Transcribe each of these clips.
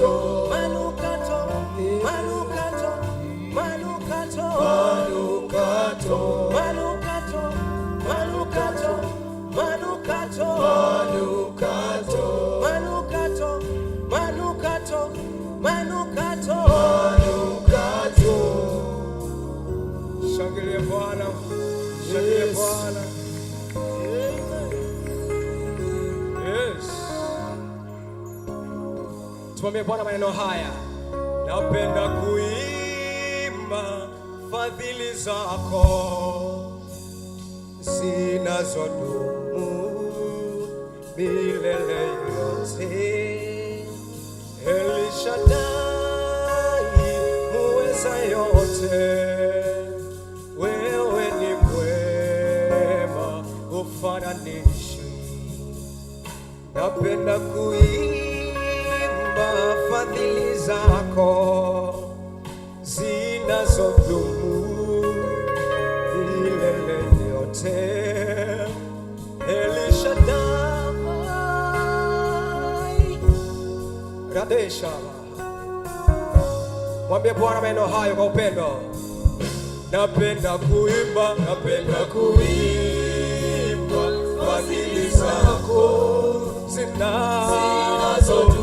Lord. Mwambie Bwana maneno haya, napenda kuimba fadhili zako zinazodumu milele yote, Elishadai muweza yote, wewe ni mwema ufananishi, napenda kuimba zako zinazodumu milele yote. Elishadai radesha, mwambie Bwana maneno hayo kwa upendo. Napenda kuimba, napenda kuimba fadhili zako zinazo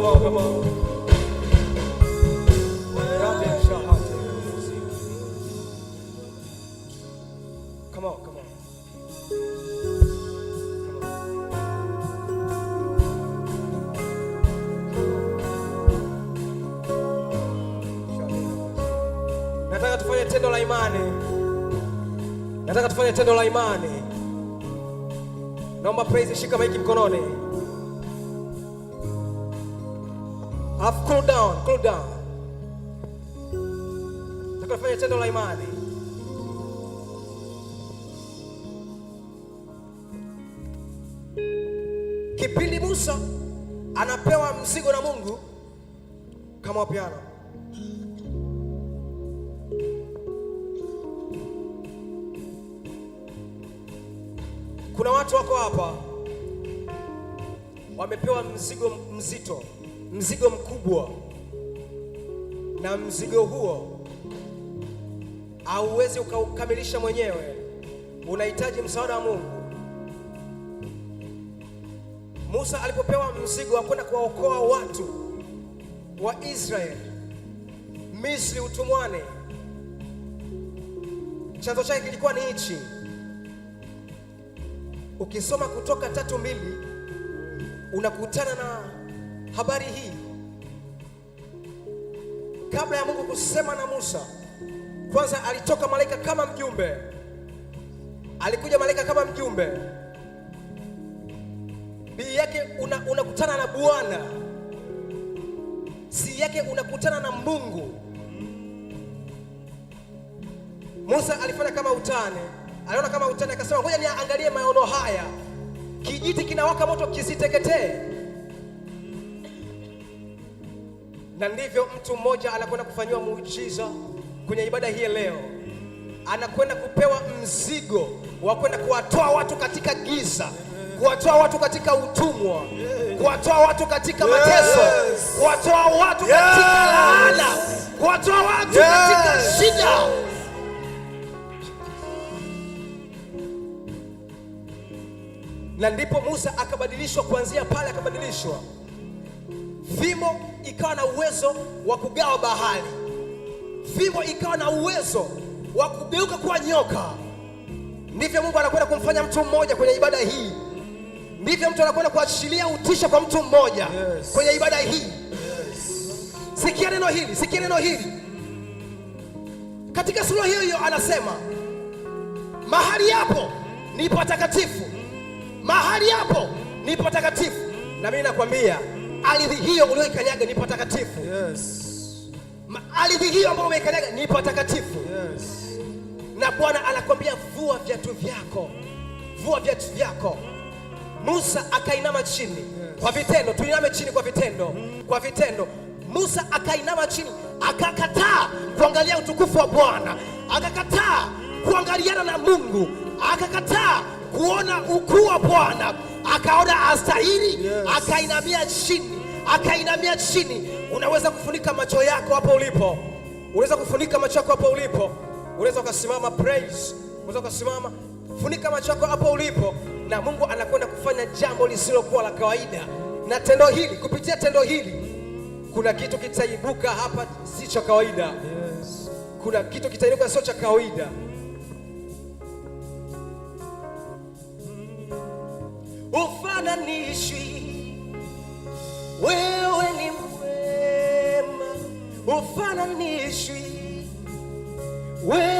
come on, come on. Come on, come on. tendo la Nataka tufanye tendo la imani. Naomba praise, shika maiki mkononi. Alafu cool down, cool down. Tukafanya tendo la imani. Kipindi Musa anapewa mzigo na Mungu kama piano. Kuna watu wako hapa wamepewa mzigo mzito mzigo mkubwa, na mzigo huo hauwezi ukaukamilisha mwenyewe, unahitaji msaada wa Mungu. Musa alipopewa mzigo wa kwenda kuwaokoa watu wa Israeli Misri utumwani, chanzo chake kilikuwa ni hichi. Ukisoma Kutoka tatu mbili unakutana na Habari hii kabla ya Mungu kusema na Musa, kwanza alitoka malaika kama mjumbe, alikuja malaika kama mjumbe. Bii yake unakutana una na Bwana, si yake unakutana na Mungu. Musa alifanya kama utani, aliona kama utani, akasema ngoja niangalie maono haya, kijiti kinawaka moto kisiteketee Na ndivyo mtu mmoja anakwenda kufanyiwa muujiza kwenye ibada hii leo, anakwenda kupewa mzigo wa kwenda kuwatoa watu katika giza, kuwatoa watu katika utumwa, kuwatoa watu katika mateso, kuwatoa watu katika laana, kuwatoa watu katika shida. Na ndipo Musa akabadilishwa, kuanzia pale akabadilishwa vimo ikawa na uwezo wa kugawa bahari, fimbo ikawa na uwezo wa kugeuka kuwa nyoka. Ndivyo Mungu anakwenda kumfanya mtu mmoja kwenye ibada hii, ndivyo mtu anakwenda kuachilia utisha kwa mtu mmoja yes. kwenye ibada hii yes. Sikia neno hili, sikia neno hili. Katika sura hiyo hiyo anasema mahali hapo ni patakatifu, mahali hapo ni patakatifu. Na mimi nakwambia ardhi hiyo uliyoikanyaga ni patakatifu. Yes. Ardhi hiyo ambayo umeikanyaga ni patakatifu. Yes. Na Bwana anakwambia vua viatu vyako, vua viatu vyako. Musa akainama chini. Yes. Kwa vitendo, tuiname chini kwa vitendo, kwa vitendo. Musa akainama chini, akakataa kuangalia utukufu wa Bwana, akakataa kuangaliana na Mungu, akakataa kuona ukuu wa Bwana, akaona astahili yes. Akainamia chini, akainamia chini. Unaweza kufunika macho yako hapo ulipo, unaweza kufunika macho yako hapo ulipo, unaweza ukasimama praise, unaweza ukasimama, funika macho yako hapo ulipo, na Mungu anakwenda kufanya jambo lisilokuwa la kawaida, na tendo hili, kupitia tendo hili kuna kitu kitaibuka hapa si cha kawaida yes. Kuna kitu kitaibuka sio cha kawaida Bwana niishi, wewe ni mwema, ufana wewe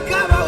Acaba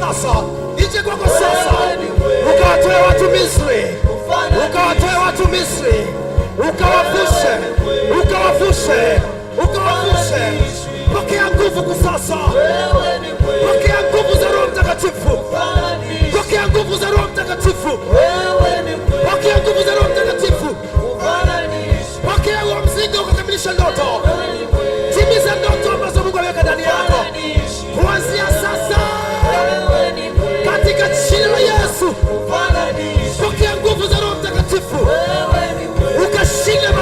sasa, nije kwako sasa, ukawatoe watu Misri, ukawatoe watu Misri, ukawavushe, ukawavushe, ukawavushe. Pokea nguvu kusasa, pokea nguvu za Roho Mtakatifu, pokea nguvu za Roho Mtakatifu, pokea nguvu za Roho Mtakatifu, pokea wa mzinga ukakamilisha ndoto Mtakatifu ukashinde